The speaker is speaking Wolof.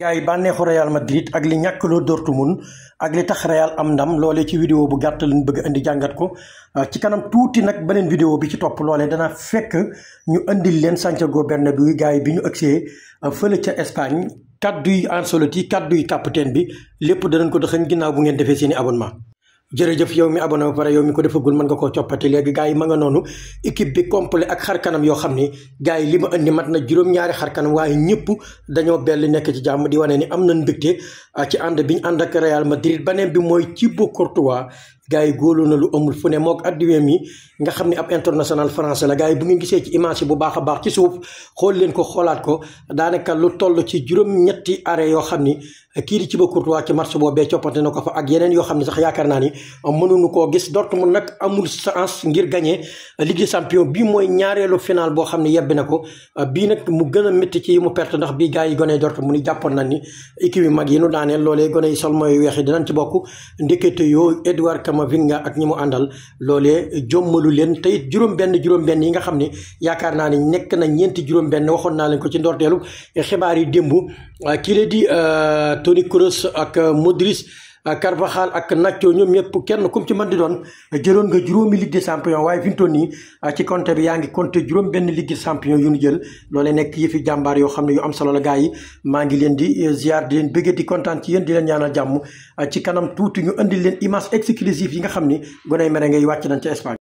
gars yi bànneexu Real Madrid ak li ñàkkloo mun ak li tax Real am ndam loolee ci vidéo bu gàtt lañ bëgg indi jàngat ko ah, ci kanam tuuti nag beneen vidéo bi ci topp loole dana fekk ñu indil leen Santiago Bernabéu gars yi bi ñu agsee ah, fële ca Espagne kaddu yi Ancelotti kaddu yi capitaine bi lépp danañ ko doxañ ginnaaw bu ngeen defee seeni abonnement jërëjëf yow mi abonné ba pare yow mi ko defagul mën nga koo coppati léegi gars yi ma nga noonu équipe bi complet ak xar kanam yoo xam ni gars yi li ma indi mat na juróom-ñaari xar kanam waaye ñëpp dañoo bell nekk ci jàmm di wane ni am na mbégte ah, ci ànd biñ ànd ak Real Madrid beneen bi mooy Thibaut Courtois gars yi góoloo na lu amul fu ne mook adduweem yi nga xam ne ab international français la gars yi bu ngeen gisee ci image bu baax a baax ci suuf xool leen ko xoolaat ko daanaka lu toll ci juróom-ñetti arrêt yoo xam ni kii di Thibaut Courtois ci match boobee coppante na ko fa ak yeneen yoo xam ne sax yaakaar naa ni mënuñu koo gis Dortmund nag amul chance ngir gagné Ligue des champions bii mooy ñaareelu final boo xam ne yebbi na ko bii nag mu gën a métti ci mu perte ndax bii gars yi gone Dortmund ni jàppoon nañ ni équipe mag yi nu daaneel loolee gone yi sol mooy weex yi dinañ ci bokk ndekete yoo Edouard Cam Kamavinga vinga ak ñi mu àndal loolee jommalu leen te juróom-benn juróom-benn yi nga xam ni yaakaar naa ne nekk na ñeenti juróom-benn waxoon naa leen ko ci ndorteelu xibaar yi démb kii la di euh, Toni Kroos ak euh, Modric Carvajal ak Nacho ñoom ñëpp kenn kum ci mën di doon jëloon nga juróomi Ligue des champions waaye fi mu toll nii ah, bi yaa ngi compté juróom benn Ligue des champions yu ñu jël loolee nekk fi jàmbaar yoo xam ne yu am solo la gars yi maa ngi leen di eh, ziar di leen bëggee di kontaan ci yéen di leen ñaanal jàmm ah, ci kanam tuuti ñu indi leen image exclusive yi nga xam ni gonay mere ngay wàcc nañ ca Espagne